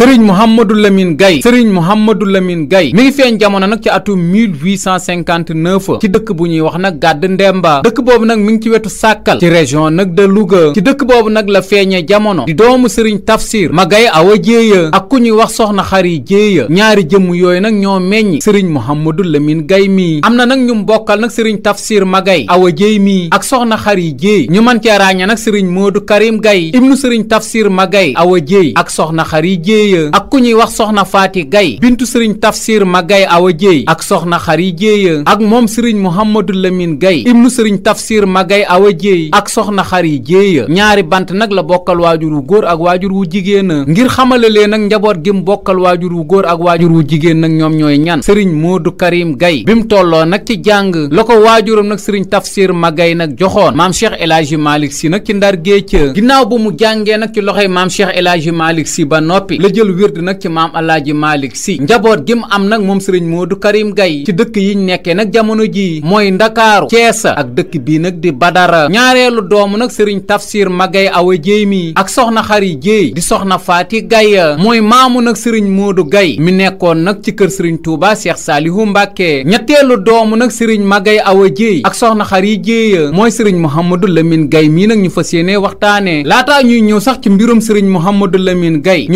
sëriñ Mouhamadou Lamine Gaye sëriñ Mouhamadou Lamine Gaye mi ngi feeñ jamono nag ci atum 1859 ci dëkk bu ñuy wax nag gàdd ndemba dëkk boobu nag mi ngi ci wetu sàkkal ci région nag de Louga ci dëkk boobu nag la feeñee jamono di doomu sëriñ Tafsir Magaye Awa Jéeya ak ku ñuy wax soxna Xari Jéeya ñaari jëmm yooyu nag ñoo meññi sëriñ Mouhamadou Lamine gay mii am na nag ñu mbokkal nag sëriñ Tafsir Magaye Awa Jéey mii ak soxna Xari Jéey ñu man cee ràññee nag sëriñ Modou Karim Gaye ibnu sëriñ Tafsir Magaye Awa Jéey ak soxna Xari Jéey jéeya ak ku ñuy wax soxna faati gay bintu sëriñ tafsir ma gay awa jéey ak soxna xari jéeya ak moom sëriñ muhammadu lamin gay ibnu sëriñ tafsir ma gay awa jéey ak soxna xari jéeya ñaari bant nag la bokkal waajur wu góor ak waajur wu jigéen ngir xamale leen nag njaboot gi mu bokkal waajur wu góor ak waajur wu jigéen nag ñoom ñooy ñan sëriñ moodu karim gay bi mu tolloo nag ci jàng la ko waajuram nag sëriñ tafsir ma gay nag joxoon maam cheikh El Hadji si nag ci ndar géej ginnaaw bu mu jàngee nag ci loxoy maam cheikh El jël wird nag ci maam alaaji Malick si njaboot gi mu am nag moom sëriñ Modou Karim Gaye ci dëkk yiñ nekkee nag jamono jii mooy ndakaaru ceesa ak dëkk bii nag di badara ñaareelu doomu nag sëriñ tafsir magay awa jéey mi ak soxna xari jéey di soxna faati Gaye mooy maamu nag sëriñ moodu gay mi nekkoon nag ci kër sëriñ Touba Seex Saalihu Mbàkke ñetteelu doomu nag sëriñ magay awa jéey ak soxna xari jéey mooy sëriñ Mouhamadou Lamine gay mii nag ñu fa yéene waxtaane laataa ñuy ñëw ci mbirum sëriñ Mouhamadou Lamine Gaye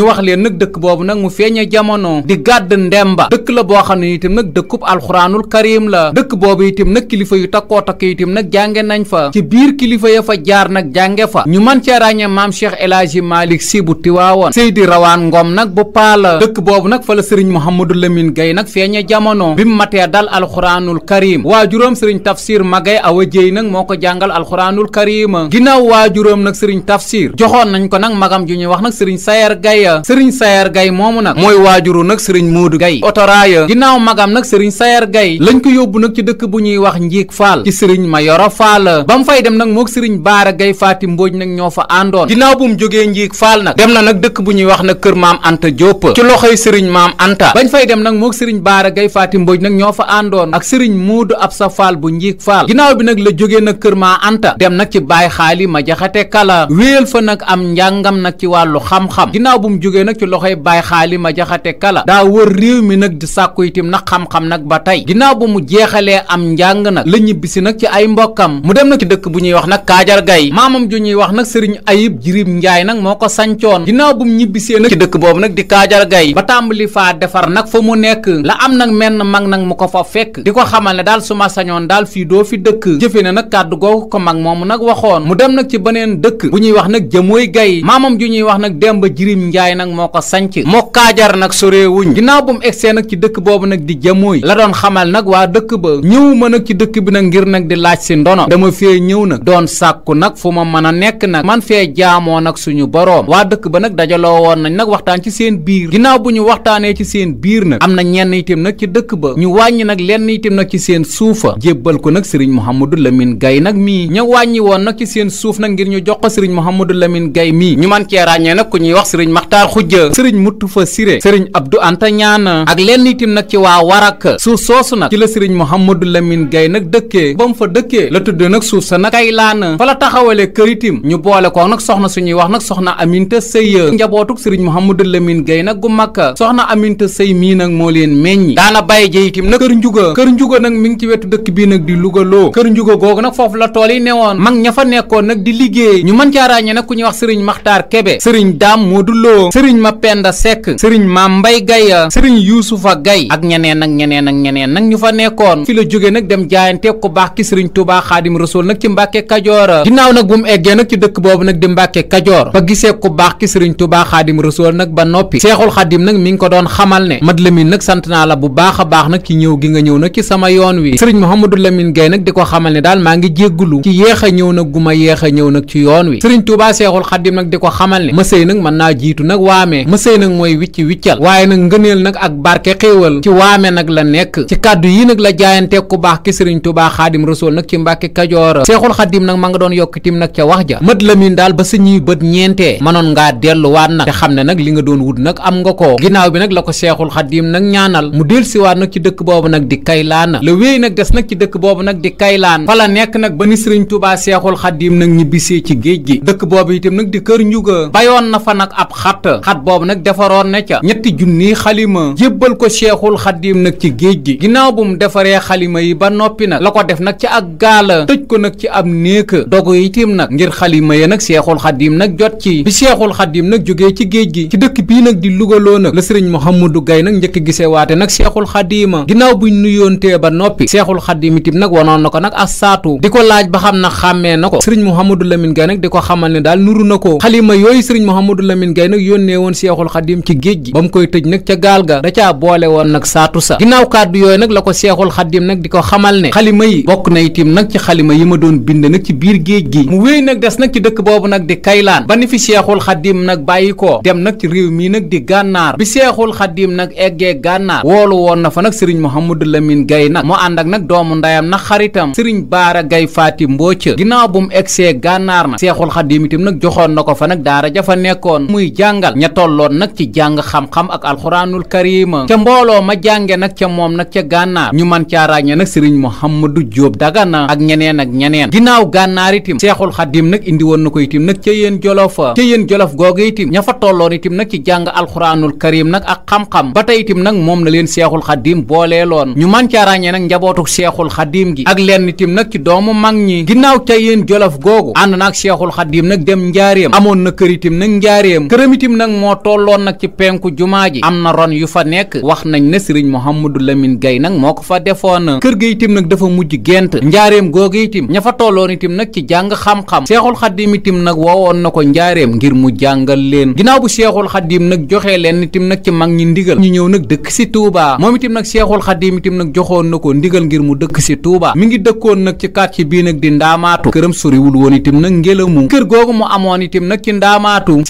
nag dëkk boobu nag mu feeñe jamono di gàdd ndemba dëkk la boo xam ne itam nag dëkku alxuraanul karim la dëkk boobu itam nag kilifa yu takkoo takk itam nag jànge nañ fa ci biir kilifa ya fa jaar nag jànge fa ñu mën cee ràññee maam cheikh El Hadji Malick Sy bu Tiwaawoon Seydi Rawaan Ngom nag bu paala dëkk boobu nag waa la sëriñ Mouhamadou Lamine Gaye nag feeñe jamono bi mu matee dal alxuraanul karim waajuróom sëriñ tafsir magay awa jéy nag moo ko jàngal alxuraanul karim ginnaaw waajuróom nag sëriñ tafsir joxoon nañ ko nag magam ju ñuy wax nag sëriñ sayer gaya Sayer Gaye moomu nag mooy waajuru nag sëriñ Modou Gaye otoraaya ginnaaw magam nag sëriñ Sayer Gaye lañ ko yóbbu nag ci dëkk bu ñuy wax Njiig Faal ci sëriñ Mayoro Faal ba mu fay dem nag moog sëriñ Baara Gaye Faati Mbooj nag ñoo fa àndoon ginnaaw bu mu jógee na nag dëkk bu ñuy wax nag kër maam Anta Diop ci loxoy sëriñ maam Anta bañ fay dem nag moog sëriñ Baara Gaye Faati Mbooj nag ñoo fa Faal bu Njiig Faal ginnaaw bi nag la jógee nag kër maam Anta dem nag ci Baay Xaali ma jaxate kala wéyal fa nag am njàngam nag ci wàllu xam-xam ginnaaw bu mu jógee nag ci loxoy baay xaali ma jaxate kala daa wër réew mi nag di sàkku itim na xam-xam nag ba tey ginnaaw bu mu jeexalee am njàng nag la ñibbisi nag ci ay mbokkam mu dem nag ci dëkk bu ñuy wax nag kaajar gay maamam ju ñuy wax nag sëriñ ayib jirib njaay nag moo ko sancoon ginnaaw bu mu ñibbisee nag ci dëkk boobu nag di kaajar gay ba tàmbali faa defar nag fa mu nekk la am nag menn mag nag mu ko fa fekk di ko xamal ne daal su ma sañoon daal fii doo fi dëkk jëfe na kàddu googu ko mag moomu nag waxoon mu dem nag ci beneen dëkk bu ñuy wax nag jëmooy gay maamam ju ñuy wax nag demba ko sanc mook kaajar nag soreewuñ ginnaaw bu mu egsee nag ci dëkk boobu nag di jamooy la doon xamal nag waa dëkk ba ñëw ma nag ci dëkk bi nag ngir nag di laaj si ndono dama fee ñëw nag doon sàkku nag fu ma mën a nekk nag man fee jaamoo nag suñu boroom waa dëkk ba nag dajaloo woon nañ nag waxtaan ci seen biir ginnaaw bu ñu waxtaanee ci seen biir nag am na ñenn itam nag ci dëkk ba ñu wàññi nag lenn itam nag ci seen suufa jébbal ko nag sëriñ Mouhamadou Lamine Gaye nag mii ña wàññi woon nag suuf nag ngir ñu jox ko sëriñ Mouhamadou Lamine Gaye mii ñu sëriñ Mutufa Siré sëriñ Abdou Anta Ñaana ak lenn itim nag ci waa Warak suuf soosu nag ci la sëriñ Mouhamadou Lamine gay nag dëkkee ba mu fa dëkkee la tudd nag suuf sa nag Kaylaana fa la taxawale kër itim ñu boole ko nag soxna suñuy wax nag soxna Aminta Sëy njabootuk sëriñ Mouhamadou Lamine gay nag gu makka soxna Aminta Sëy mii nag moo leen meññi daana bàyyi ja na nag kër njuga kër njuga nag mi ngi ci wetu dëkk bii nag di lugaloo kër njuga googu nag foofu la tool yi mag ña fa nekkoon nag di liggéey ñu mën ràññee nag ku ñuy wax sëriñ Maxtaar Kebe sëriñ Daam Penda Seck sëriñ Maam Mbay Gay sëriñ Yuusufa Gay ak ñeneen ak ñeneen ak ñeneen nag ñu fa nekkoon fi la jóge nag dem jaayante ku baax ki sëriñ Tuubaa Xaadim Rasuul nag ci Mbàkke Kajoor ginnaaw nag bu mu eggee nag ci dëkk boobu nag di Mbàkke Kajoor ba gisee ba noppi Seexul Xaadim nag mi ngi ko doon xamal ne Mat Lamin nag sant naa la bu baax a baax nag ci ñëw gi nga ñëw nag ci sama yoon wi sëriñ Mouhamadou Lamine Gaye nag di ko xamal ne daal maa ngi jéggulu ci yéex a ñëw nag gu ma yéex a ñëw nag ci yoon wi sëriñ Tuubaa Seexul Xaadim nag di ne nag mooy wicc wiccal waaye nag ngëneel nag ak barke xéewal ci waame nag la nekk ci kàddu yi nag la jaayante ku baax ki sëriñ Tuubaa Xaadim Rasuul nag ci Mbàkke Kajoor Seexul Xaadim nag ma nga doon yokkitim nag ca wax ja mat la min daal ba sañuy bët ñeentee mënoon ngaa delluwaat nag te xam ne nag li nga doon wut nag am nga ko ginnaaw bi nag la ko Seexul Xaadim nag ñaanal mu delsiwaat nag ci dëkk boobu nag di Kaylaana la wéy nag des nag ci dëkk boobu nag di Kaylaan fa nekk nag ba ni sëriñ Tuubaa Seexul Xaadim nag ñibbisee ci géej gi dëkk boobu itam nag di kër njuga bayoon na fa nag ab xat xat boobu nag defaroon na ca ñetti junniy xalima jébbal ko cheikhul xadim nag ci géej gi ginnaaw bu mu defaree xalima yi ba noppi nag la ko def nag ci ak gaala tëj ko nag ci ab néeg dogu itim nag ngir xalima ya nag cheikhul xadim nag jot ci bi cheikhul xadim nag jógee ci géej gi ci dëkk bii nag di lugaloo nag la sëriñ Mouhamadou gay nag njëkk gisee waate nag cheikhul xadima ginnaaw buñ nuyoontee ba noppi cheikhul xadim itim nag wanoon na ko nag as saatu di ko laaj ba xam na xàmmee na ko sëriñ Mouhamadou Lamine Gaye nag di ko xamal ne daal nuru na ko xalima yooyu sëriñ Mouhamadou Lamine Gaye woon seexul xadim ci géej gi ba mu koy tëj nag ca gaal ga da caa boole woon nag saatu sa ginnaaw kàddu yooyu nag la ko seexul xadim nag di ko xamal ne xalima yi bokk na itim nag ci xalima yi ma doon bind nag ci biir géej gi mu wéy nag des nag ci dëkk boobu nag di kaylaan ba ni fi seexul xadim nag bàyyi ko dem nag ci réew mii nag di gànnaar bi seexul xadim nag eggee gànnaar woolu woon na fa nag sëriñ Mouhamadou Lamine Gaye nag mu ànd ak nag doomu ndayam nag xaritam sëriñ Baara Gaye Faati Mbooca ginnaaw bu mu egsee gànnaar nag seexul xadim itam nag joxoon na ko fa nag daara jafa nekkoon tolloon nag ci jàng xam-xam ak alxuraanul karima ca mbooloo ma jànge nag ca moom nag ca gànnaar ñu man caa ràññe nag sëriñ Mouhamadou Diop na ak ñeneen ak ñeneen ginnaaw gànnaar itim seexul xadim nag indi woon na ko itim nag ca yéen jolofa ca yéen jolof googu itim ña fa tolloon itim nag ci jàng alxuraanul karim nag ak xam-xam ba tey itim nag moom la leen seexul xadim booleeloon ñu man caa ràññee nag njabootuk seexul xadim gi ak lenn itim nag ci doomu mag ñi ginnaaw ca yéen jolof googu ànd naag seexul xadim nag dem njaareem amoon na kër itim nag ñoo tolloon nag ci penku jumaa ji am na ron yu fa nekk wax nañ ne sëriñ Mouhamadou Lamine Gaye moo ko fa defoon kër ga itim nag dafa mujj gént njaareem googu itim ña fa tolloon itim nag ci jàng xam-xam seexul xaddim itim nag woowoon na ko njaareem ngir mu jàngal leen ginnaaw bu seexul xaddim nag joxee leen itim nag ci mag ñi ndigal ñu ñëw nag dëkk si Touba moom itim nag seexul xaddim itim nag joxoon na ko ndigal ngir mu dëkk si Touba mi ngi dëkkoon nag ci quartier bii nag di ndaamaatu këram soriwul woon itim nag ngelamu kër googu mu amoon itim nag ci ndaamaatu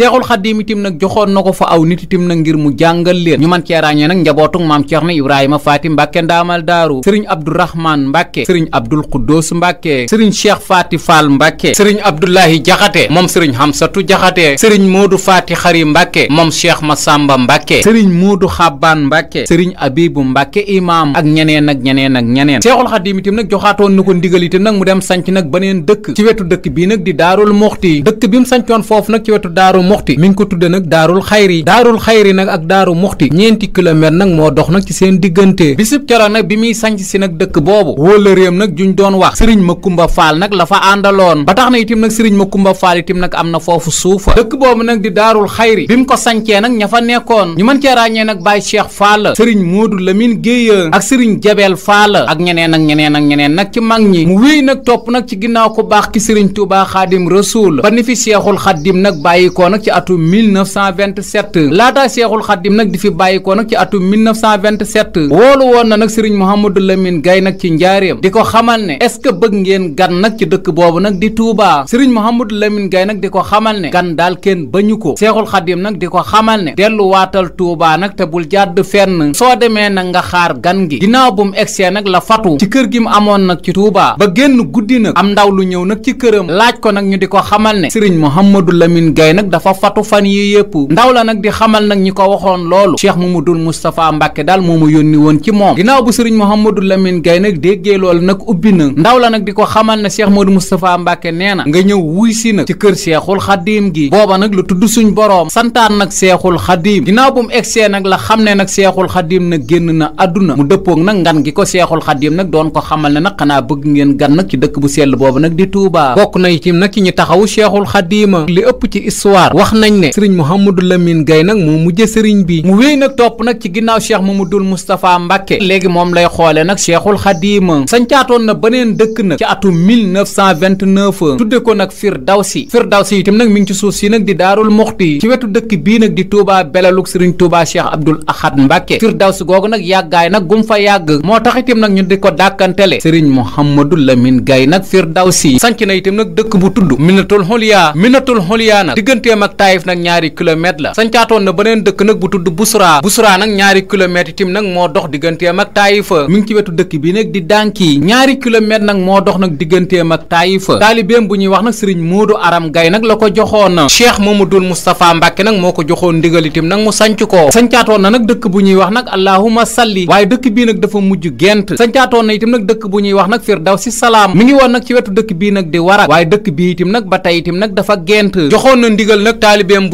na ko fa aw nit itam nag ngir mu jàngal leen ñu man cee ràññee nag njabootuk maam Ceerno Ibrahima Faati Mbàkke ndaamal daaru sëriñ Abdourahman Mbàkke sëriñ Abdul Quddus Mbàkke sëriñ Cheikh Faati Fall Mbàkke sëriñ Abdoulahi Jaxate moom sëriñ Hamsatu Jaxate sëriñ Moodu Faati Xari Mbàkke moom Cheikh Masamba Mbàkke sëriñ Moodu Xabbaan Mbàkke sëriñ Abibu Mbàkke imaam ak ñeneen ak ñeneen ak ñeneen Seexul Xadiim itam nag joxaatoon na ko ndigal itam mu dem sanc nag beneen dëkk ci wetu dëkk bii nag di Daarul Muxti dëkk bi mu sancoon foofu nag ci wetu Daarul Daarul xayri daarul xayri nag ak daaru muxti ñeenti kilomètre nag moo dox nag ci seen diggante bisib keroog nag bi muy sanc si nag dëkk boobu wóolëréem nag ñu doon wax sëriñ Makumba Faal nag la fa àndaloon ba tax na itim nag sëriñ Makumba Faal itim nag am na foofu suufa dëkk boobu nag di daarul xayri bi mu ko sancee nag ña fa nekkoon ñu man cee ràññee nag bàyyi Cheikh Faal sëriñ Moodu Lamin Géeya ak sëriñ Jabeel Faal ak ñeneen ak ñeneen ak ñeneen nag ci mag ñi mu wéy nag topp nag ci ginnaaw ku baax ki sëriñ Tuubaa Xaadim Rasuul ba ni fi Seexul Xaadim nag bàyyi ko nag ci atum 1920 1927 laataa Seexul Xaddim nag di fi bàyyikoo nag ci atum 1927 woolu woon na nag Serigne Mouhamadou Lamine Gaye nag ci njaareem di ko xamal ne est-ce que bëgg ngeen gan nag ci dëkk boobu nag di Touba Serigne Mouhamadou Lamine gay nag di ko xamal ne gan daal kenn bañu ko Seexul Xaddim nag di ko xamal ne delluwaatal Touba nag te bul jàdd fenn soo demee nag nga xaar gan gi ginnaaw bu mu egsee nag la fatu ci kër gi mu amoon nag ci Touba ba génn guddi nag am ndaw lu ñëw nag ci këram laaj ko nag ñu di ko xamal ne Serigne Mouhamadou Lamine Gaye nag dafa fatu fan yi yépp ndaw la nag di xamal nag ñi ko waxoon loolu cheikh mamadul moustapha mbàkke daal moo ma yónni woon ci moom ginnaaw bu sëriñ mouhamadou lamine gay nag déggee loolu nag ubbi na ndaw la nag di ko xamal ne cheikh mamadou moustapha mbàkke nee na nga ñëw wuy si nag ci kër seexul xadim gi booba nag lu tudd suñ boroom santaan nag seexul xadim ginnaaw bu mu egsee nag la xam ne nag seexul xadim na génn na àdduna mu dëppoog nag ngan gi ko seexul xadim nag doon ko xamal ne nag xanaa bëgg ngeen gan nag ci dëkk bu sell boobu nag di tuubaa bokk na itim nag ci ñu taxawu seexul xadima li ëpp Lamine Gaye nag moo mujje sëriñ bi mu wéy nag topp nag ci ginnaaw cheikh Mamadul Moustapha Mbacke léegi moom lay xoole nag cheikhul xadiima sancaatoon na beneen dëkk nag ci atum 1929 tudde ko nag Firdawsi Firdawsi itam nag mi ci suuf si nag di daarul muxti ci wetu dëkk bii nag di Touba belaluk sëriñ Touba cheikh Abdoul Ahad Mbacke Firdawsi googu nag yàggaay nag gum fa yàgg moo tax itam nag ñu di ko dàkkantele sëriñ Mouhamadou Lamine Gaye nag Firdawsi na itam nag dëkk bu tudd Minatul Xoliya Minatul Xoliya nag kilomètres la sancaatoon na beneen dëkk nag bu tudd Busra Busra nag ñaari kilomètres itim nag moo dox digganteem ak Taayifa mi ngi ci wetu dëkk bi nag di Danki ñaari kilomètres nag moo dox nag digganteem ak Taayifa taalibeem bu ñuy wax nag Sëriñ Moodu Aram Gay nag la ko joxoon Cheikh Mamadul Moustapha Mbàkke nag moo ko joxoon ndigal itim nag mu sanc ko sancaatoon na nag dëkk bu ñuy wax nag Allahuma salli waaye dëkk bii nag dafa mujj gent sancaatoon na itim nag dëkk bu ñuy wax nag Firdawsi Salaam mi ngi woon nag ci wetu dëkk bii nag di Warak waaye dëkk bii itim nag ba tey itim nag dafa gent joxoon na ndigal nag taalibeem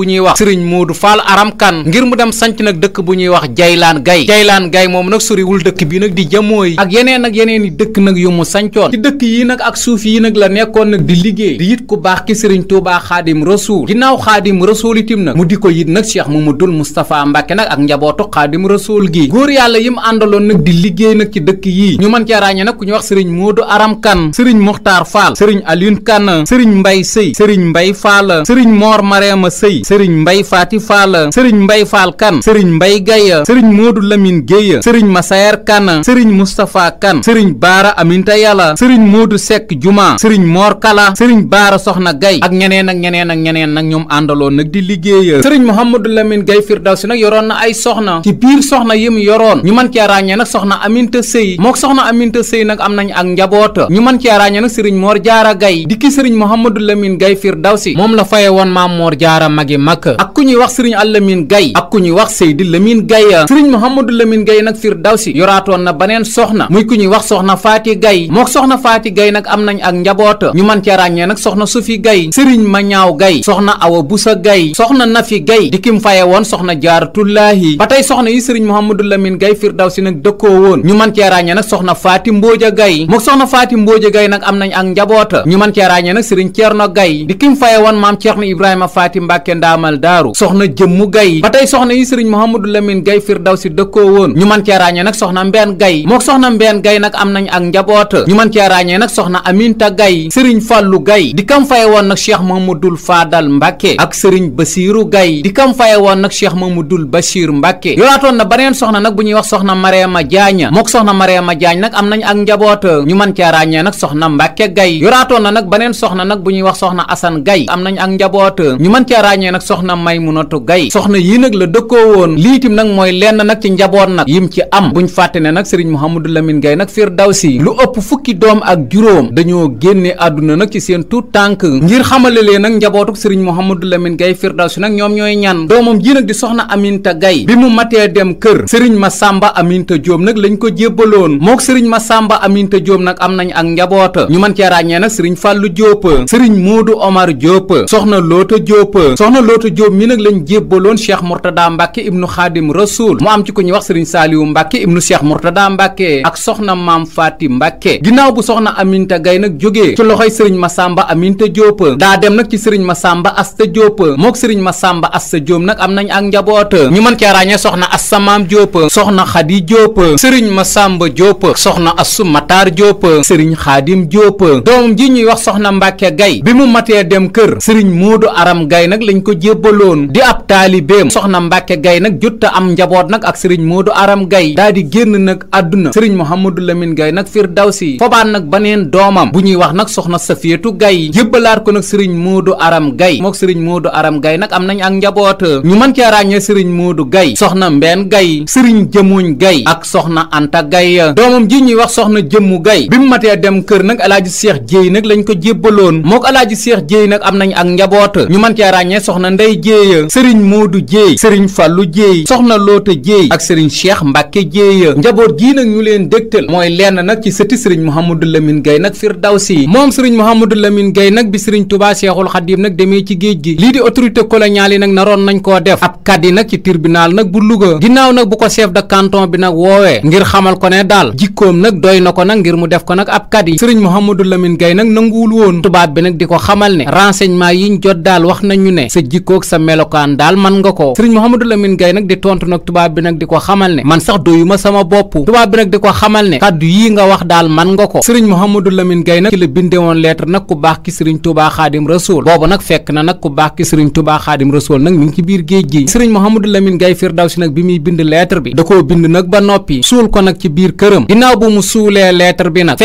Moodu Fall Aram Kan ngir mu dem sanc nag dëkk bu ñuy wax Jaylaan Gay Jaylaan Gay moom nag soriwul dëkk bi nag di jamooy ak yeneen ak yeneen i dëkk nag yu mu sancoon yi nag ak suuf yi nag la nekkoon nag di liggéey di it ku baax ki Sëriñ Tuubaa Xaadim Rasuul ginnaaw Xaadim Rasuul itim nag mu di ko yit nag Cheikh Mamadul Moustapha Mbàkke nag ak njabootu Xaadim Rasuul gi góor yàlla yim àndaloon nag di liggéey nag ci dëkk yii ñu mën ca ràññe nag ku ñu wax Sëriñ Moodu Aram Kan Sëriñ Muxtaar Fall Sëriñ Alioune Kan Sëriñ Mbay Sëy Sëriñ Mbay Fall Sëriñ Moor Mareema Sëy Sëriñ Mbay Fall Faati Faala sëriñ Mbay Faal Kan sëriñ Mbay Gaya sëriñ Moodu Lamin Géya sëriñ Masayer Kan sëriñ Mustapha Kan sëriñ Baara Aminta Yàlla sëriñ Moodu Sekk Juma sëriñ Moor Kala sëriñ Baara Soxna Gay ak ñeneen ak ñeneen ak ñeneen nag ñoom àndaloon nag di liggéeya sëriñ Mouhamadou Lamine Gay Firdawsi nag yoroon na ay soxna ci biir soxna yi mu yoroon ñu mën cee ràññee nag soxna Aminta Sëy mook soxna Aminta Sëy nag am nañ ak njaboota ñu mën cee ràññee nag sëriñ Moor Jaara Gay di ki sëriñ Mouhamadou ñuy wax sëriñ Alamine Gaye ak ku ñuy wax Seydi Lamine Gaye sëriñ Mouhamadou Lamine Gaye nag Firdawsi yoraatoon na baneen soxna muy ku ñuy wax soxna Faati Gaye mook soxna Faati Gaye nag am nañ ak njaboota ñu mën cee ràññee nag soxna Sufi Gaye sëriñ Mañaaw Gaye soxna Awa Busa Gaye soxna Nafi Gaye di kim faye woon soxna Jaaratullaahi ba tey soxna yi sëriñ Mouhamadou Lamine Gaye Firdawsi nag dëkkoo woon ñu mën cee ràññee nag soxna Faati Mbooja Gaye mook soxna Faati Mbooja Gaye nag am nañ ak njaboota ñu mën cee ràññee nag sëriñ Ceerno Gaye di kim faye woon maam Ceerno soxna jëmmu gay ba tey soxna yi sëriñ Mouhamadou Lamine gay Firdawsi dëkkoo woon ñu man cee ràññee nag soxna mbenn gay mook soxna mbenn gay nag am nañ ak njaboot ñu man cee ràññee nag soxna aminta gay sëriñ fàllu gay di kam faye woon nag cheikh mahamadul faadal mbàkke ak sëriñ basiiru gay di kam faye woon nag cheikh mahamadul bachir mbàkke yoraatoon na baneen soxna nag bu ñuy wax soxna mareema jaaña mook soxna mareema jaañ nag am nañ ak njaboot ñu man cee ràññee nag soxna mbàkke gay yoraatoon na nag baneen soxna nag bu ñuy wax soxna asan gay am nañ ak njaboot ñu man cee ràññee nag soxna may Maymunatu Gay soxna yi nag la dëkkoo woon liitim nag mooy lenn nag ci njaboot nag yim ci am buñ fàtte ne nag sëriñ Mouhamadou Lamine Gay nag Firdawsi lu ëpp fukki doom ak juróom dañoo génne àdduna nag ci seen tuut tànk ngir xamale leen nag njabootuk sëriñ Mouhamadou Lamine Gay Firdawsi nag ñoom ñooy ñan doomam ji nag di soxna Aminta Gay bi mu matee dem kër sëriñ Masamba Aminta Jóob nag lañ ko jébbaloon mook sëriñ Masamba Aminta Jóob nag am nañ ak njaboota ñu mën cee ràññee nag sëriñ Fàllu Jóob sëriñ Moodu Omar nag lañ jébbaloon cheikh mourtada mbàkke ibnu xaadim rasul mu am ci ku ñuy wax sëriñ saaliwu mbàkke ibnu cheikh mourtada mbàkke ak soxna maam faati mbàkke ginnaaw bu soxna aminta gay nag jógee ci loxoy sëriñ masamba aminta jóopa daa dem nag ci sëriñ masamba asta jóopa mook sëriñ masamba asta jóom nag am nañ ak njaboot ñu man cee ràññee soxna asta maam jóopa soxna xadi jóopa sëriñ masamba jóopa soxna assu mataar jóopa sëriñ xaadim jóopa doomam ji ñuy soxna mbàkke gay bi mu matee dem kër sëriñ moodu aram gay nag lañ ko di ab taalibeem soxna Mbacke Gaye nag jot am njaboot nag ak sëriñ Modou Aram Gaye daa di génn nag àdduna sëriñ Mouhamadou Lamine Gaye nag Firdawsi fobaat nag baneen doomam bu ñuy wax nag soxna Safiyatu Gaye yëbbalaat ko nag sëriñ Modou Aram Gaye mook sëriñ Modou Aram Gaye nag am nañ ak njaboot ñu mën cee ràññee sëriñ Modou Gaye soxna Mbeen Gaye sëriñ Jëmuñ Gaye ak soxna Anta Gaye doomam ji ñuy wax soxna Jëmmu Gaye bi mu matee dem kër nag alaaji Seex Jéey nag lañu ko jébbaloon mook alaaji Seex Jéey nag am nañu ak njaboot ñu mën cee ràññee soxna Ndey Jéey jéeya sëriñ Modou Jéey sëriñ Fàllu Jéey soxna Loota Jéey ak sëriñ Cheikh Mbàkke Jéeya njaboot gii nag ñu leen dégtal mooy lenn nag ci sëti sëriñ Mouhamadou Lamine Gaye nag Firdawsi bi sëriñ Touba Cheikhul Khadim nag demee ci géej gi lii di autorité coloniale yi nag naroon nañ koo def ab kàddi nag ci tribunal nag bu Louga ginnaaw nag bu ko chef de bi nag woowee ngir xamal ko ne daal jikkoom nag doy na ko nag ngir mu def ko nag ab kàddi sëriñ Mouhamadou Lamine Gaye nag nanguwul woon tubaab bi nag di ko xamal ne melokaan daal man nga ko sëriñ Mouhamadou Lamine Gaye nag di tontu tubaab bi nag di ko xamal ne man sax doyuma sama bopp tubaab bi nag di ko xamal ne kàddu yii nga wax daal man nga ko sëriñ Mouhamadou Lamine Gaye nag ci la binde woon lettre nag ku baax ki sëriñ Touba Xaadim Rasuul boobu nag fekk na nag ku baax ki sëriñ Touba Xaadim Rasuul nag mi ngi ci biir géej gi sëriñ Mouhamadou Lamine Gaye Firdawsi nag bi muy bind lettre bi da koo bind nag ba noppi suul ko nag ci biir këram ginnaaw bu mu suulee lettre bi na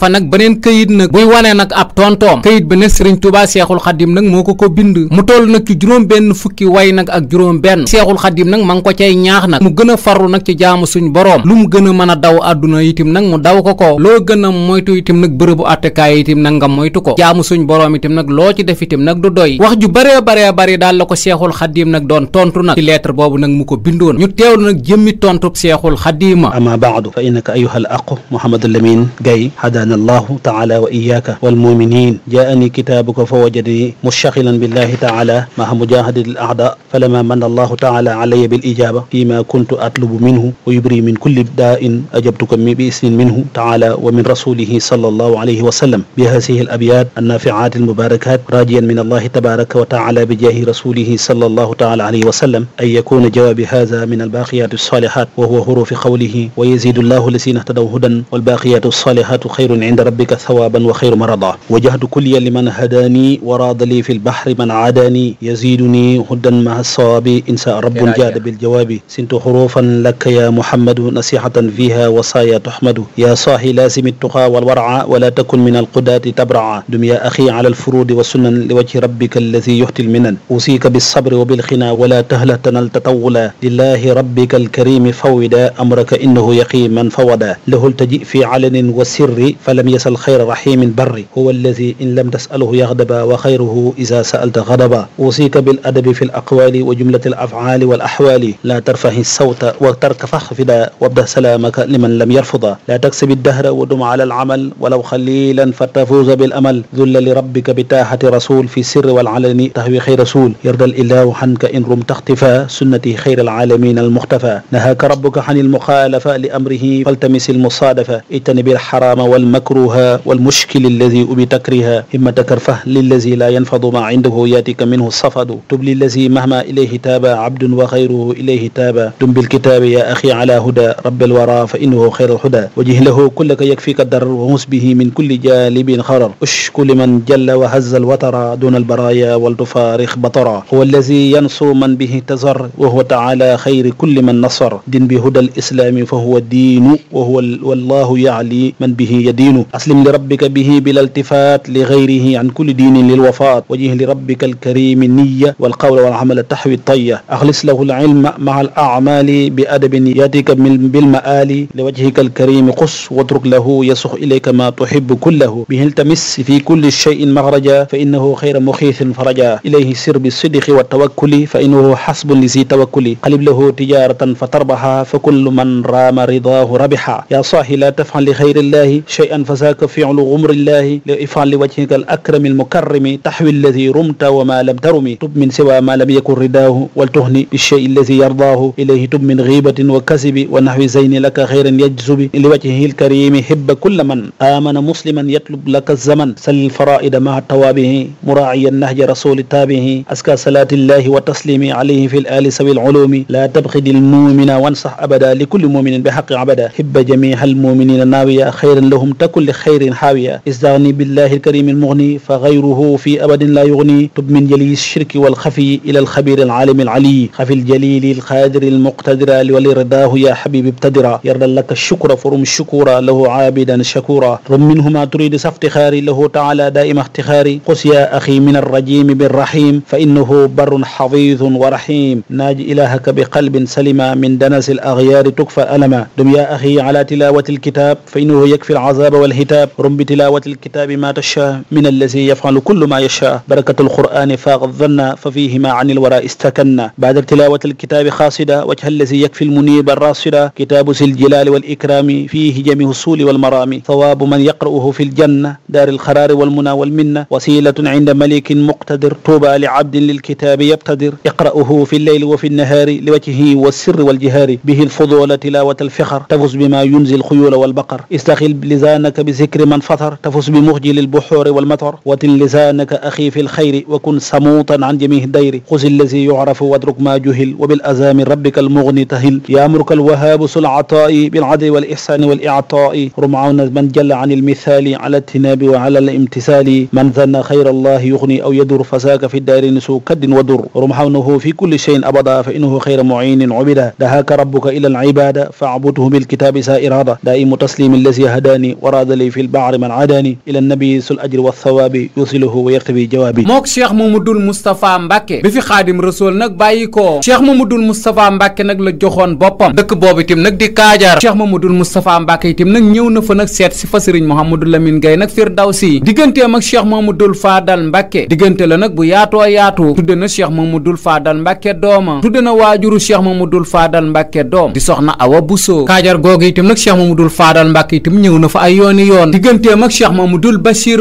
fa nag beneen këyit nag buy wanee nag ab tontoom këyit bi ne sëriñ Touba Seexul Xaadim nag moo ko ko bind mu toll nag ci juróom fukki way nag ak juróom benn seexul xadim nag ma ngi ko cay ñaax nag mu gën a farlu nag ci jaamu suñ boroom lu mu gën a mën a daw àdduna itim nag mu daw ko ko loo gën a moytu itim nag bërëbu àttekaay itim nag nga moytu ko jaamu suñ boroom itim nag loo ci def itim nag du doy wax ju baree baree bari daal la ko seexul xadim nag doon tontu nag ci lettre boobu nag mu ko bindoon ñu teewlu nag jëmmi tontub seexul xadima ama baadu fa innaka ayuha al aqu muhammadu lamin gay hadaana allahu taala wa iyaaka walmuminin jaani kitaabuka fa wajadani mushtaxilan billahi taala maha mujahadi lil ahda falama manna allahu taala alayya bil ijaba fi ma kuntu atlubu minhu wa yubri min kulli dain ajabtuka bi isnin minhu taala wa min rasulihi sallallahu alayhi wa sallam bi hasihi al abyat annafiat al mubarakat rajiyan min allahi tabaraka wa taala bi jahi rasulihi sallallahu taala alayhi wa sallam an yakuna jawabi hadha min al baqiyat as salihat wa huwa hurufi qawlihi wa yazidu allahu lazina ihtadaw hudan wal baqiyat as salihat khayrun inda rabbika thawaban wa khayru marada wajahtu kulliya liman hadani wa rada li fi al bahri man adani yaziduni هدا مع الصواب إن شاء رب جاد بالجواب سنت حروفا لك يا محمد نصيحة فيها وصايا تحمد يا صاحي لازم التقى والورع ولا تكن من القداة تبرع دم يا أخي على الفروض والسنن لوجه ربك الذي يحتي المنن أوصيك بالصبر وبالخنا ولا تهله تنل تطولا لله ربك الكريم فودا أمرك إنه يقيم من فودا له التجئ في علن والسر فلم يسل خير رحيم بر هو الذي إن لم تسأله يغضب وخيره إذا سألت غضبا أوصيك بالأدب fi alaqwaali wa jumlati alafaali walaxwaali laa tarfahi sawta wa tarkafax fida wabda salaamaka liman lam yarfuda laa taksabi dahra wa dum ala alamal walaw xalilan fa tafuuza bil amal zulla li rabbika bi taaxati rasul fi sirri walalani taxwi xayra suul yardal ilaahu xanka in rum taxtifa sunnati xayra alaalamin almuxtafa nahaaka rabbuka xan almuxaalafa li amrihi faltamisi almusaadafa ijtanibi alxaraama walmakruha walmushkil alladi ubi takriha himmataka fah lillazi laa yanfadu maa indahu yaatika minhu safadu tubli allazi mahma ilayhi taaba abdun wa xayruhu ilayhi taaba dum bilkitaabi ya axi ala huda rabbel wara fa innahu xayral huda wajih lahu kullaka yakfika darar wa mus bihi min kulli jalibin xarar ushku liman jalla wa hazza alwatara duna albaraya wal tufaarix batara huwa allazi yansu man bihi tazar wa huwa taala xayri kulli man nasar din bi huda alislaami fa huwa diinu wa huwa wallahu yaali man bihi yadiinu aslim li rabbika bihi bila iltifaat li gayrihi an kulli diinin lilwafaat wajih li rabbika alkarimi niya wal القول والعمل تحوي الطية أخلص له العلم مع الأعمال بأدب يأتيك بالمآل لوجهك الكريم قص واترك له يسخ إليك ما تحب كله به التمس في كل شيء مخرجا فإنه خير مخيث فرجا إليه سر بالصدق والتوكل فإنه حسب لذي توكل قلب له تجارة فتربحا فكل من رام رضاه ربحا يا صاحي لا تفعل لخير الله شيئا فذاك فعل غمر الله لإفعل لوجهك الأكرم المكرم تحوي الذي رمت وما لم ترمي طب من سوى ila ma lam yakun ridaahu wal tuxni bichey allazi yardaahu ilayhi tub min gibatin wa kasibi wa naxwi zeyni laka xeyran yajzubi li wajhihi lkarimi hibba kulla man amana musliman yatlub laka zaman salil faraida maa tawaabihi muraaciya nahja rasuli taabihi aska salaati llahi wa taslimi alayhi fi l ali sawi lculumi laa tabxidi lmumina wansax abada li kulli muminin bi xaqi abada hibba jamiha almuminina naawiya xeyran lahum takulli xeyrin xaawiya istagni billahi alkarimi almugni fa gayruhu fi abadin laa yugni tub min jali shirki walxafi الشافي إلى الخبير العالم العلي خفي الجليل القادر المقتدر ولرداه يا حبيب ابتدرا يرضى لك الشكر فرم الشكورا له عابدا شكورا رم منهما تريد سافتخاري له تعالى دائم افتخاري قس يا أخي من الرجيم بالرحيم فإنه بر حفيظ ورحيم ناج إلهك بقلب سلما من دنس الأغيار تكفى ألما دم يا أخي على تلاوة الكتاب فإنه يكفي العذاب والهتاب رم بتلاوة الكتاب ما تشاء من الذي يفعل كل ما يشاء بركة القرآن فاق الظن ففيه وفيهما عن الوراء استكنا بعد تلاوة الكتاب خاصدا وجه الذي يكفي المنيب الراصدا كتاب ذي الجلال والإكرام فيه جميع الصول والمرام ثواب من يقرؤه في الجنة دار الخرار والمنى والمنة وسيلة عند ملك مقتدر طوبى لعبد للكتاب يبتدر اقرأه في الليل وفي النهار لوجهه والسر والجهار به الفضول تلاوة الفخر تفز بما ينزي الخيول والبقر استخل لسانك بذكر من فطر تفز بمخجل البحور والمطر وتن لسانك أخي في الخير وكن صموتا عن جميع الخير خذ الذي يعرف واترك ما جهل وبالأزام ربك المغني تهل يأمرك الوهاب سل عطاء بالعدل والإحسان والإعطاء رمعون من جل عن المثال على التناب وعلى الامتثال من ظن خير الله يغني أو يدر فساك في الدارين سوء كد ودر رمحونه في كل شيء أبدا فإنه خير معين عبدا دهاك ربك إلى العبادة فاعبده بالكتاب سائرادا دائم تسليم الذي هداني وراد لي في البحر من عداني إلى النبي سل أجر والثواب يوصله ويقتبي جوابي موك شيخ ممدول مصطفى مبك Mbàkke bi fi xaadim rasool nag bàyyi ko cheikh mamadul moustapha Mbàkke nag la joxoon boppam dëkk boobu itam nag di kaajar cheikh mamadul moustapha Mbàkke itam nag ñëw na fa nag seet si fa sëriñ Mouhamadou Lamine Gaye nag Firdawsi digganteem ak cheikh mamadul faadal Mbàkke diggante la nag bu yaatoo yaatu tudde na cheikh mamadul faadal Mbàkke dooma tudde na waajuru mu dul faadal Mbàkke doom di soxna awa buso kaajar googu itam nag mu dul faadal Mbàkke itam ñëw na fa ay yooni yoon digganteem ak cheikh ma mu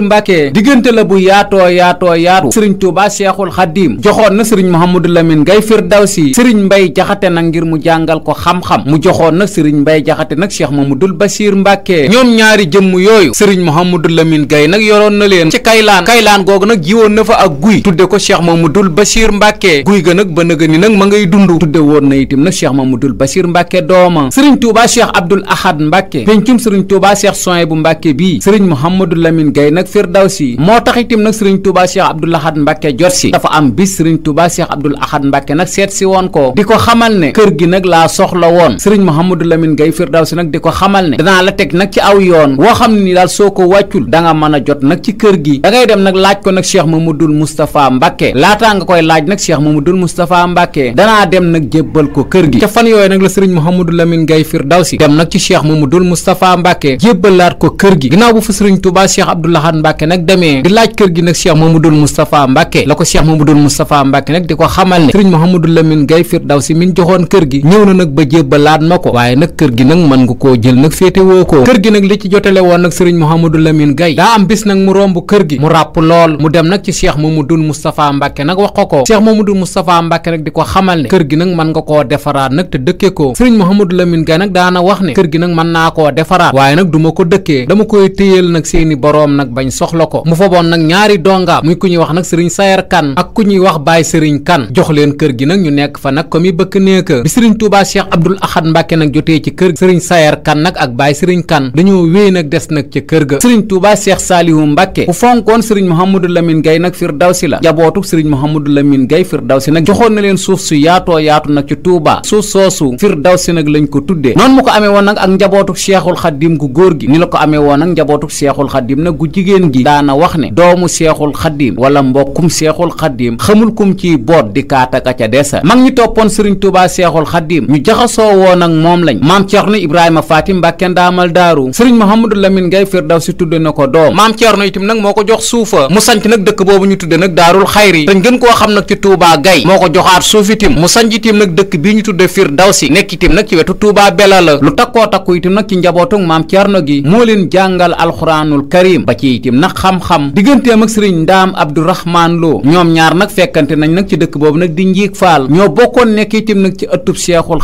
Mbàkke diggante la bu yaatoo yaatoo yaatu sëriñ Tuubaa cheikhul xadim joxoon na sëriñ Mouhamadou Lamine Gaye Firdawsi sëriñ Mbay Jaxate nag ngir mu jàngal ko xam-xam mu joxoon na sëriñ Mbay Jaxate nag Cheikh Mamadou Basiir Mbàkke ñoom ñaari jëmm yooyu sëriñ Mouhamadou Lamine Gaye nag yoroon na leen ci kaylaan kaylaan googu nag jiwoon na fa ak guy tudde ko Cheikh Mamadou Basiir Mbàkke guy ga nag ba nëga ni nag ma ngay dund tudde woon na itam nag Cheikh Mamadou Basiir Mbàkke dooma sëriñ Touba Cheikh Abdoul Ahad Mbàkke pencum sëriñ Touba Cheikh Souhaïbou Mbàkke bii sëriñ Mouhamadou Lamine Gaye nag Firdawsi moo tax itam nag sëriñ Touba Cheikh Abdoul Ahad Mbàkke jot si dafa am bis sëriñ Touba Cheikh Abdoul Ahad Mbacke nag seet si woon ko di ko xamal ne kër gi nag laa soxla woon sëriñ Mouhamadou Lamine Gueye Firdawsi nag di ko xamal ne danaa la teg nag ci aw yoon woo xam ne ni daal soo ko wàccul da nga mën a jot nag ci kër gi da dem nag laaj ko nag Cheikh Mamadoul Moustapha Mbacke laataa nga koy laaj nag Cheikh Mamadoul Moustapha Mbacke danaa dem nag jébbal ko kër gi ca fan yooyu la sëriñ Mouhamadou Lamine Gueye Firdawsi dem nag ci Cheikh Mamadoul Moustapha Mbacke jébbalaat ko kër gi ginnaaw bu fa sëriñ Touba Cheikh Abdoul Ahad Mbacke nag demee di laaj kër gi nag Cheikh Mamadoul Moustapha Mbacke nag di ko xamal ne sëriñ Mouhamadou Lamine Gaye Firdawsi min joxoon kër gi ñëw na nag ba jébbalaat ma ko waaye nag kër gi nag mën nga koo jël nag féete woo ko kër gi nag li ci jotale woon nag sëriñ Mouhamadou Lamine Gaye daa am bis nag mu romb kër gi mu ràpp lool mu dem nag ci Cheikh Mamadou Moustapha Mbacke nag wax ko ko Cheikh Mamadou Moustapha Mbacke nag di ko xamal ne kër gi nag mën nga koo defaraat nag te dëkke ko sëriñ Mouhamadou Lamine Gaye waaye nag duma ko dëkkee dama koy téyal nag seeni boroom nag bañ soxla ko mu fa nag ñaari donga muy ku ñuy wax nag sëriñ Sayar ak ku ñuy wax Baye Serigne Kane jox leen kër gi nag ñu nekk fa nag comme yi bëkk néeg bi Serigne Touba Cheikh Abdoul Ahad Mbacke nag jotee ci kër Serigne Sayer kan nag ak Baye Serigne Kane dañoo wéy nag des nag ca kër ga Serigne Touba Cheikh Salihu Mbacke ku fonkoon Serigne Mouhamadou Lamine gay nag Firdawsi la jabootu Serigne Mouhamadou Lamine Gueye Firdawsi nag joxoon na leen suuf su yaatoo yaatu nag ci Touba suuf soosu Firdawsi nag lañ ko tuddee noonu mu ko ame woon nag ak njabootu Cheikhul Khadim gu góor gi ni la ko amee woon nag njabootu Cheikhul Khadim nag gu jigéen gi daana wax ne doomu Cheikhul Khadim wala mbokkum Cheikhul Khadim xamul amul kum ciy boot di kaataka ca desa mag ñi toppoon sëriñ tubaa seexul xaddiim ñu jaxasoo woon ak moom lañ maam ceerno ibrahima faati mbàkke ndaamal daaru sëriñ mohamadu lamin ngay firdaw si tudde na ko doom maam ceerno itam nag moo ko jox suufa mu sanc nag dëkk boobu ñu tudde nag daarul xayri te ngeen koo xam nag ci tuubaa gay moo ko joxaat suuf mu sanc itam nag dëkk bii ñu tudde firdaw si nekk itam nag ci wetu tuubaa bela la lu takkoo takku itam nag fekkante nañ nag ci dëkk boobu nag di njiig faal ñoo bokkoon nekk itam nag ci ëttub seexul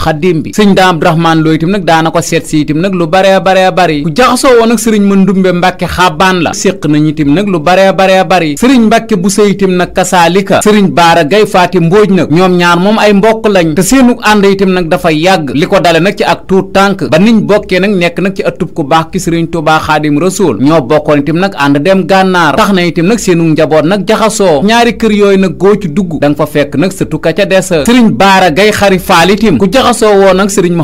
ko seet si itam nag lu baree baree bari ku jaxasoo woon ak sëriñ mandumbe mbàkke xabaan la séq nañ itam lu baree baree bari sëriñ mbàkke bu sa itam nag kasaalika sëriñ baara gay faati mbóoj nag ñoom ñaar moom ay mbokk lañ te seenu ànd itam nag dafa yàgg li ko dale nag ci ak tuut tànk ba niñ bokkee nag nekk nag ci ku baax ki sëriñ tubaa xaadim rasuul ñoo bokkoon itam na itam nag seenu njaboot nag jaxasoo ñaari kër yooyu nag góoc ci dugg da nga fa fekk nag surtout ka ca des sëriñ baara gay xari faalitim ku jaxasoo woo nag sëriñ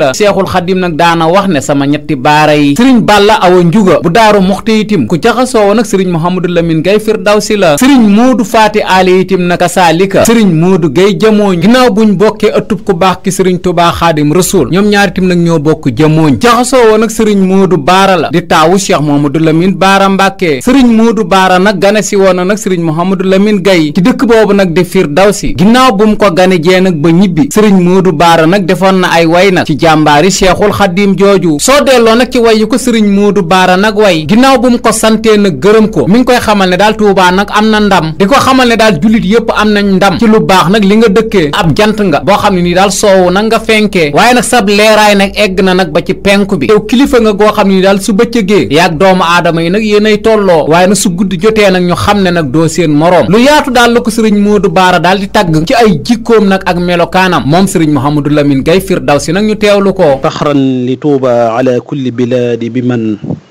la seexul xadim nag daana wax ne sama ñetti baara yi sëriñ balla awa njuga bu daaru muxti itim ku jaxasoo woo nag sëriñ mouhamadou lamin gay firdawsi la sëriñ moodu faati ali itim nag kasaalika sëriñ moodu gay jëmooñ ginnaaw buñ bokkee ëttub ku baax ki sëriñ tubaa xaadim ñoom ñaari itim ñoo bokk jëmooñ jaxasoo woo nag sëriñ moodu baara la di taawu cheikh mouhamadou lamin baara mbàkke sëriñ moodu baara nag gane woon na sëriñ mouhamadou lamin Lamine Gaye ci dëkk boobu nag di Firdawsi ginnaaw bu mu ko gane jee nag ba ñibbi sëriñ Moodu Baara nag defoon na ay way nag ci jàmbaari Seexul Xaddiim jooju soo delloo nag ci way ko sëriñ Moodu Baara nag mu ko santee nag gërëm ko mi xamal ne daal na ndam di ko xamal ne daal jullit yépp am nañ ndam ci lu baax nag li nga dëkkee ab jant nga boo xam ne nii daal soowu nag nga fenkee waaye nag sab leeraay nag egg na nag ba ci penku bi yow kilifa nga goo xam ne ni daal su bëccëgee yaag doomu aadama yi nag yéenay tolloo waaye nag su guddi jotee nag ñu xam ne nag doo seen moroom lu yaatu daal ko sëriñ Modou Baara daal di tàgg ci ay jikkoom nag ak melokaanam moom sëriñ Mouhamadou Lamine Gaye Firdawsi nag ñu teew teewlu ko taxran li tuuba ala kulli bilaadi bi man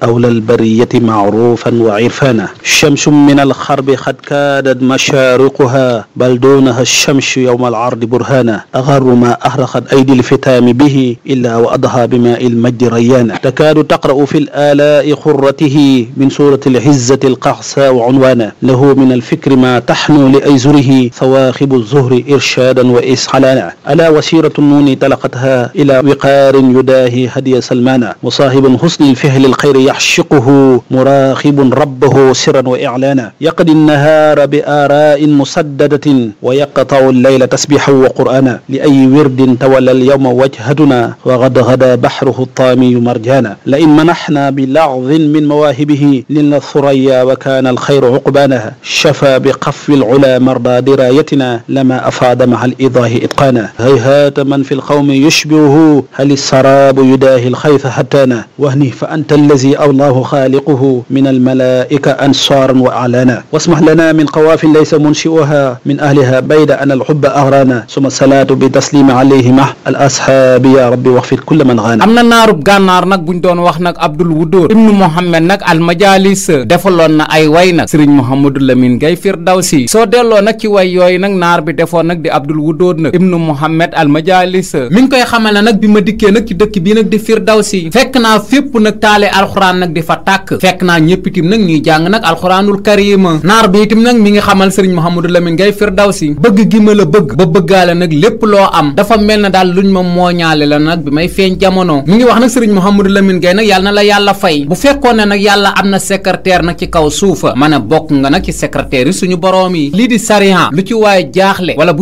أولى البرية معروفا وعرفانا شمس من الخرب قد كادت مشارقها بل دونها الشمس يوم العرض برهانا أغر ما أهرقت أيدي الفتام به إلا وأضحى بماء المجد ريانا تكاد تقرأ في الآلاء خرته من سورة العزة القعساء وعنوانا له من الفكر ما تحنو لأيزره ثواخب الزهر إرشادا وإسحلانا ألا وسيرة النون تلقتها إلى وقار يداهي هدي سلمانا مصاحب حسن الفهل الخير يعشقه مراخب ربه سرا وإعلانا يقضي النهار بآراء مسددة ويقطع الليل تسبيحا وقرآنا لأي ورد تولى اليوم وجهتنا وغد غدا بحره الطامي مرجانا لئن منحنا بلعظ من مواهبه لنا ثريا وكان الخير عقبانها شفى بقف العلا مرضى درايتنا لما أفاد مع الإضاه إتقانا هيهات من في القوم يشبهه هل السراب يداهي الخيث حتانا وهنه فأنت الذي aw llahu xaaliquhu min almalaika ansaaran wa alaana wasmax lana min qawaafin laysa munshiuha min ahliha bayda an alxubba ahrana suma salaatu bi taslimi alayhi ma al ashaabi ya rabbi wax fit kulla man xaana am na naarub gànnaar nag buñ doon wax nag abdul wudóor ibnu mohammed nag almajalis defaloon na ay way nag sëriñ mouhamadou lamin gay firdawsi soo delloo nag ci way yooyu nag naar bi defoon nag di abdul wudóor nag ibnu mohammed almajalis mi ngi koy xamal ne nag bi ma dikkee nag ci dëkk bii nag di firdawsi fekk naa fépp nag taale alxuraan alxuraan nag di fa tàkk fekk naa ñëpp itam nag ñuy jàng nag alxuraanul karima naar bi itam nag mi ngi xamal sëriñ Mouhamadou Lamine Gaye Firdawsi bëgg gi ma la bëgg ba bëggaale nag lépp loo am dafa mel na daal luñ ma mooñaale la nag bi may feeñ jamono mi ngi wax nag sëriñ Mouhamadou Lamine Gaye nag yàlla na la yàlla fay bu fekkoon ne nag yàlla am na secrétaire nag ci kaw suufa ma ne bokk nga nag ci secrétaire yi suñu boroom yi lii di sariya lu ci waaye jaaxle wala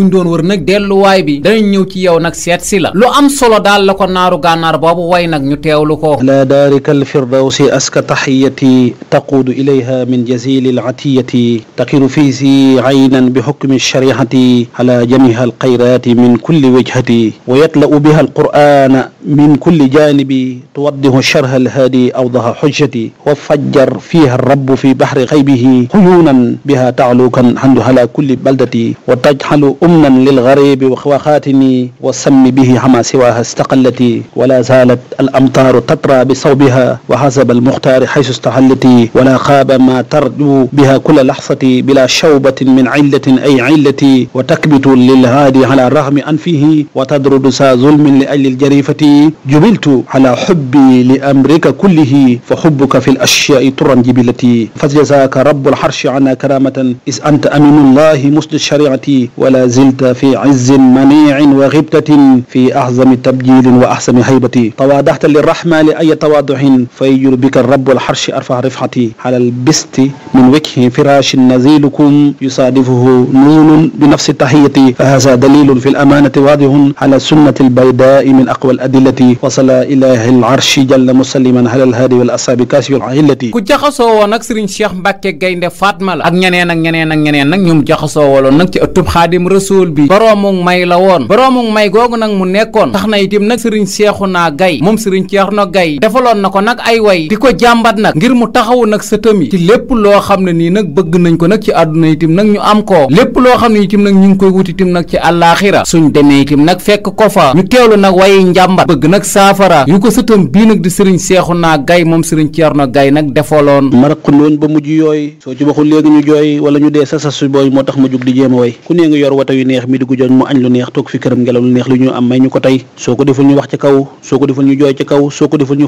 أسك تحيتي تقود إليها من جزيل العتية تقر في زي عينا بحكم الشريعة على جميع الخيرات من كل وجهة ويطلأ بها القرآن من كل جانب توضح شرح الهادي أوضح حجتي وفجر فيها الرب في بحر غيبه عيونا بها تعلو كالهند على كل بلدتي وتجعل أمنا للغريب وخاتني وسم به عما سواها استقلتي ولا زالت الأمطار تطرى بصوبها وهذا عزب المختار حيث استحلت ولا خاب ما ترجو بها كل لحظة بلا شوبة من علة أي علة وتكبت للهادي على الرغم أن فيه وتدرد سا ظلم لأجل الجريفة جبلت على حبي لأمرك كله فحبك في الأشياء طرا جبلتي فجزاك رب الحرش عنا كرامة إذ أنت أمين الله مسد الشريعة ولا زلت في عز منيع وغبتة في أعظم تبجيل وأحسن هيبة توادحت للرحمة لأي تواضع في yajur bika rabbul xarshi arfa rifxati xalal bisti min wajhi firashin nazilukum yusaadifuhu nuunun bi nafsi tahiyati fa haza dalilun fi lamanati waadihun ala sunnati albaydai min aqwa aladillati wa sala ilahi alarshi jalla musalliman ala alhaadi wal asaabi kaashifi alillati ku jaxasoo woon nag Serigne Cheikh Mbacke Gaynde Fatma la ak ñeneen ak ñeneen ak ñeneen nag ñoom jaxasoo waloon nag ci ëttub xaadim rasuul bi boroomug may la woon boroomug may googu nag mu nekkoon tax na itim nag Serigne Cheikhouna Gaye moom Serigne Cheikhouna Gaye defaloon na ko nag ay way fay di ko jàmbat nag ngir mu taxawu nag sëtam yi ci lépp loo xam ne nii nag bëgg nañ ko nag ci àdduna itim nag ñu am ko lépp loo xam ne itim nag ñu ngi koy wut itim nag ci àllaaxira suñ demee itim nag fekk ko fa ñu teewlu nag waye njàmbat bëgg nag saafara yu ko sëtam bii nag di sëriñ Seexuna Gay moom sëriñ Ceerno Gay nag defaloon maraqloon ba mujj yooyu soo ci waxul léegi ñu jooy wala ñu dee sasasu booy moo tax ma jug di jéem a way ku nee nga yor wata yu neex mi di gu joñ mu añ lu neex toog fi këram lu neex lu ñu am may ñu ko tey soo ñu wax ci kaw soo ko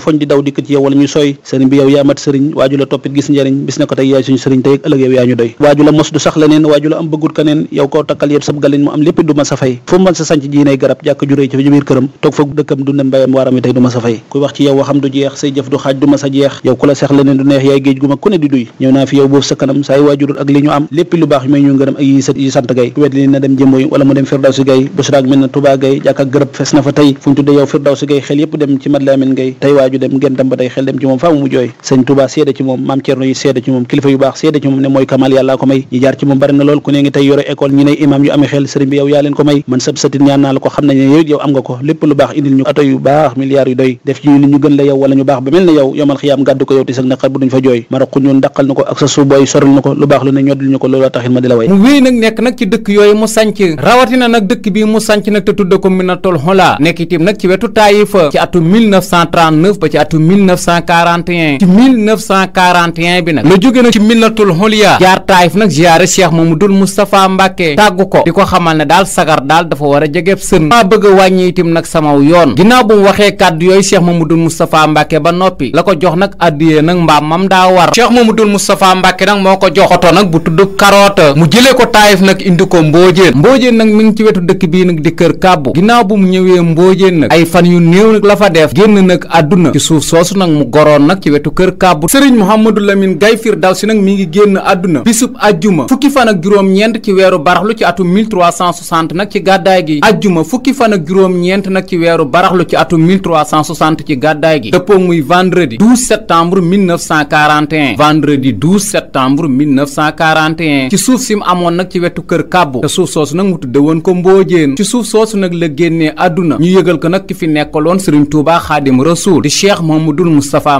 kaw soo doy sëriñ bi yow yaa sëriñ waaju la toppit gis njëriñ bis ne ko tey yaay suñu sëriñ tey ëllëg yow yaa ñu doy waaju la mos du sax leneen waaju la am bëggut keneen yow koo takkal yëpp sa jeex say ku la sax leneen du neex yaay géej gu ma ku ne di duy ñëw naa fi yow boobu sa kanam saay waajurul ak li ñu am lépp lu baax may ñu ngërëm ak yi sant gay wet li na dem jëmboy wala mu dem firdawsi gay busraag mel na tubaa gay jàkk ak gërëb fes na moom faamu mu jooy sëñ Touba seede ci moom maam Thierno yi seede ci moom kilifa yu baax seede ci moom ne mooy kamal yàllaa ko may ñi jaar ci moom bari na lool ku ne ngi tey yore école ñi ne imaam yu amee xel sëriñ bi yow yaa leen ko may man sab satit ñaan ko xam nañ ne yow yow am nga ko lépp lu baax indil ñu ato yu baax milliards yu doy def ci ñu ñu gën la yow wala ñu baax ba mel ne yow yomal xiyaam gàddu ko yow te sag naqar bu duñ fa jooy 1941 ci 1941 bi nag la jóge nag ci Minatul Holiya jaar Taayif nag ziyaare Cheikh Mamadul Moustapha Mbacke tàggu ko di ko xamal ne daal sagar daal dafa war a jegeeb sën maa bëgg a wàññi itam nag samaw yoon ginnaaw bu mu waxee kàddu yooyu Cheikh Mamadul Moustapha Mbacke ba noppi la ko jox nag addiyee nag mbaam mam daa war Cheikh Mamadul Moustapha Mbacke nag moo ko jox oto nag bu tudd karoota mu jëlee ko Taayif nag indi ko Mbóojeen Mbóojeen nag mi ngi ci wetu dëkk bii nag di kër kàbbu ginnaaw bu mu ñëwee Mbóojeen nag waroon nag ci wetu kër kàbbu sëriñ Mouhamadou Lamine Gaye Firdawsi nag mi ngi génn àdduna bisub ajjuma fukki fan ak juróom-ñeent ci weeru baraxlu ci atum 1360 nag ci gàddaay gi ajjuma fukki fan ak juróom-ñeent nag ci weeru baraxlu ci atum 1360 ci gàddaay gi dëppoo muy vendredi 12 septembre 1941 vendredi 12 septembre 1941 ci suuf sim amoon nag ci wetu kër kàbbu te suuf soosu nag mu tudde woon ko mboojeen ci suuf soosu nag la génnee àdduna ñu yëgal ko nag ki fi nekkaloon sëriñ Tuubaa Xaadim Rasuul di cheikh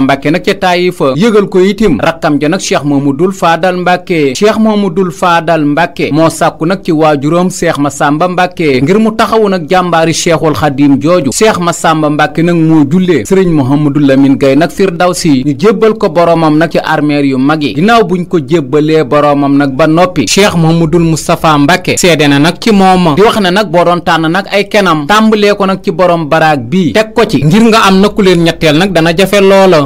Moustapha Mbacke nag ca Taïf yëgal ko itim rakkam ja nag cheikh Mamadul Faadal Mbacke cheikh Mamadul Faadal Mbacke moo sàkku nag ci waajuram cheikh Massamba Mbacke ngir mu taxawu nag jàmbaari cheikhul xadim jooju cheikh Massamba Mbacke nag moo jullee sëriñ Mouhamadou Lamine Gaye nag Firdawsi ñu jébbal ko boromam nag ci armeer yu mag yi ginnaaw buñ ko jébbalee boromam nag ba noppi cheikh Mamadul Moustapha Mbacke seede na nag ci moom di wax ne nag boo doon tànn nag ay kenam tàmbalee ko nag ci borom baraag bii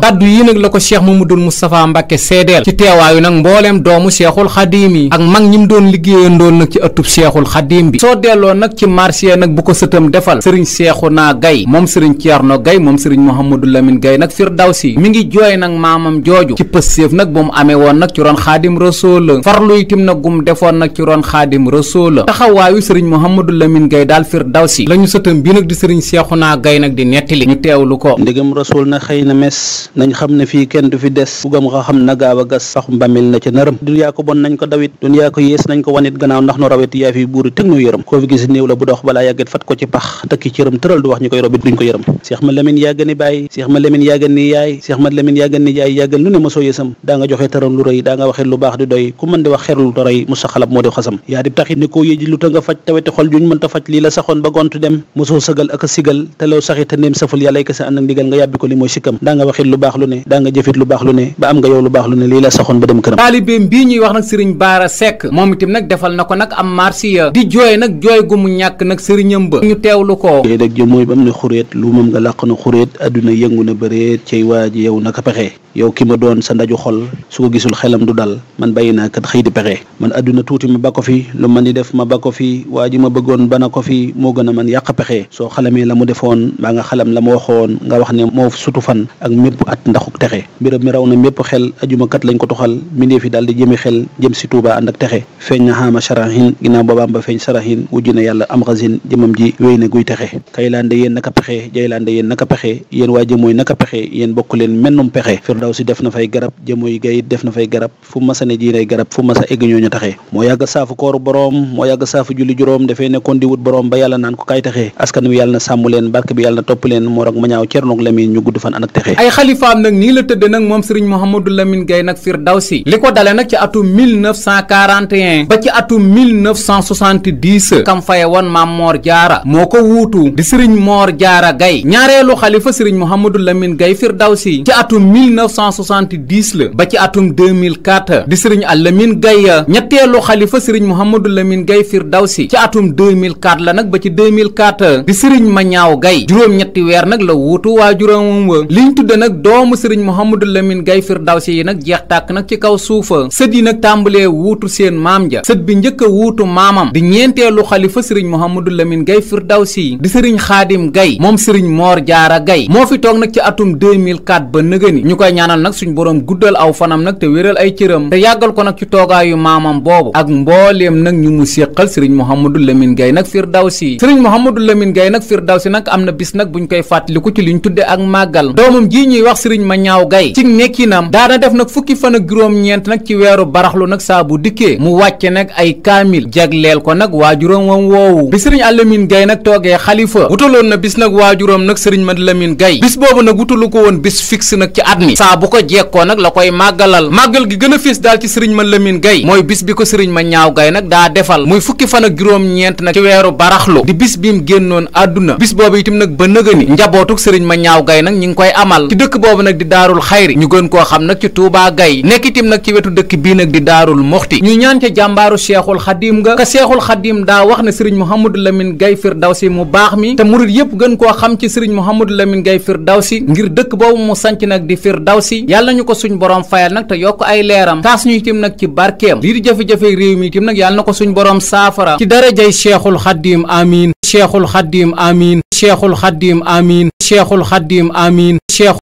kaddu yi nag la ko cheikh mamadul moustapha mbàkke seedeel ci teewaayu nag mbooleem doomu cheikhul xadim yi ak mag ñi mu doon liggéeyandoon nag ci ëttub cheikhul xadim bi soo delloo nag ci marché nag bu ko sëtam defal sëriñ Cheikhouna Gaye moom sëriñ Thierno Gaye moom sëriñ Mouhamadou Lamine gay nag Firdawsi mi ngi jooy nag maamam jooju ci pësséef nag bu mu amee woon nag ci roon xaadim rasool la farlu itim nag gum defoon nag ci roon xaadim rasool la taxawaayu sëriñ Mouhamadou Lamine Gaye daal Firdawsi lañu sëtam bi nag di sëriñ Cheikhouna Gaye nag di nettali ñu teewlu ko ndegam rasool na xëy na mes nañ xam ne fii kenn du fi des bugam xa xam na gaaw a gas sax mbamil na ca nërëm duniyaa ko bon nañ ko dawit duniyaa ko yées nañ ko wanit gannaaw ndax nu rawet yaa fi buuri teg nu yërëm koo fi gis néew la bu dox balaa yàgget fat ko ci pax dëkki cëram tëral du wax ñu koy robit duñ ko yërëm Seex ma Lamin yàggan ni bàyyi Seex ma Lamin yàggan ni yaay Seex ma Lamin yàggan ni yaay yàggal lu ne mosoo yësam daa joxe tëral lu rëy daa nga lu baax di doy ba gont a lu baax lu ne daa nga jëfit lu baax lu ne ba am nga yow lu baax lu ne lii la saxoon ba dem këram taalibeem bii ñuy wax nag sëriñ Baara Seck moom itam nag defal na ko nag am marsiya di jooy nag jooy gu mu ñàkk nag sëriñam ba ñu teewlu ko yooyu dag jë mooy ba am ne xuréet lu moom nga làq na xuréet adduna yëngu na bëreet cay waa yow naka pexe yow ki ma doon sa ndaju xol su ko gisul xelam du dal man bàyyi naa kat xëy di pexe man adduna tuuti ma ba ko fi lu man di def ma ba ko fi waa ji ma bëggoon a la mu defoon mbaa la mu waxoon nga wax ne moo sutu fan ak mépp mépp at ndaxuk texe mbiram mi raw na mépp xel ajuma kat lañ ko toxal mbindeef yi daal di jëmi xel jëm si Tuuba ànd ak texe feeñ na xaama sarahin ginnaaw boobaam ba feeñ sarahin wujj na yàlla am xasin jëmam ji wéy na guy texe kay laande yéen naka pexe jay laande yéen naka pexe yéen waa jëmooy naka pexe yéen bokk leen mennum pexe firdaw si def na fay garab jëmooy gayit def na fay garab fu masa ne jiinay garab fu masa egg ñooñu taxe moo yàgg saafu kooru boroom moo yàgg saafu julli juróom dafay nekkoon di wut boroom ba yàlla naan ko kaay texe askan wi yàlla na sàmm leen barke bi yàlla na leen moo rag ma ñaaw cernoog lamin ñu an ak xalifaam nag nii la tëdde nag moom sëriñ Mouhamadou Lamine gay nag Firdawsi li ko dale nag ci atum 1941 ba ci atum 1970 kam faye woon maam Mor Jaara moo ko wuutu di sëriñ Mor Jaara gay ñaareelu xalifa sëriñ Mouhamadou Lamine Gueye Firdawsi ci atum 1970 la ba ci atum 2004 di sëriñ Alamine Gueye ñetteelu xalifa sëriñ Mouhamadou Lamine Gueye Firdawsi ci atum 2004 la nag ba ci 2004 di sëriñ Mañaaw Gueye juróom-ñetti weer nag la wuutu waajuram wa liñ tudde nag doomu sëriñ Mouhamadou Lamine gay Firdawsi yi nag jeex tàkk nag ci kaw suufa sët yi nag tàmbalee wuutu seen maam ja sët bi njëkk a wuutu maamam di ñeenteelu xalifa sëriñ Mouhamadou Lamine Gaye Firdawsi di sëriñ Xaadim gay moom sëriñ Moor Jaara gay moo fi toog nag ci atum 2004 ba nëgëni ñu koy ñaanal nag suñu boroom guddal aw fanam nag te wéral ay cëram te yàggal ko nag ci toogaayu maamam boobu ak mbooleem nag ñu mu séqal sëriñ Mouhamadou Lamine gay nag Firdawsi sëriñ Mouhamadou Lamine Gaye nag Firdawsi nag am na bis nag buñ koy fàttaliku ci liñ tudde ak màggal wax sëriñ ma ñaaw gay ci nekkinam daana def nag fukki fan ak juróom-ñeent nag ci weeru baraxlu nag saa bu dikkee mu wàcce nag ay kaamil jagleel ko nag waajuram wam woowu bi sëriñ Alamin Gay nag toogee xalifa wutaloon na bis nag waajuram nag sëriñ ma Lamin Gay bis boobu nag wutalu ko woon bis fixe nag ci at mi saa bu ko jekkoo nag la koy màggalal màggal gi gën a fés daal ci sëriñ ma Lamin Gay mooy bis bi ko sëriñ ma ñaaw gay nag daa defal muy fukki fan ak juróom-ñeent nag ci weeru baraxlu di bis bi mu génnoon àdduna bis boobu itam nag ba nëgëni njabootuk sëriñ ma ñaaw gay boobu nag di daarul xayri ñu gën koo xam nag ci Touba Gaye nekkitim nag ci wetu dëkk bii nag di daarul muxti ñu ñaan ca jàmbaaru Cheikhul Xadim nga ka Cheikhul Xadim daa wax ne Serigne Mouhamadou Lamine Gaye Firdawsi mu baax mi te murit yëpp gën koo xam ci Serigne Mouhamadou Lamine Gaye Firdawsi ngir dëkk boobu mu sanc nag di Firdawsi yàlla ñu ko suñ borom fayal nag te yokk ay leeram taas ñu nag ci barkeem lii di jafe-jafe mi itim nag yàlla na ko suñ borom saafara ci darajay Cheikhul Xadim amiin Cheikhul Xadim amiin Cheikhul Xadim amiin Cheikhul Xadim amiin Cheikh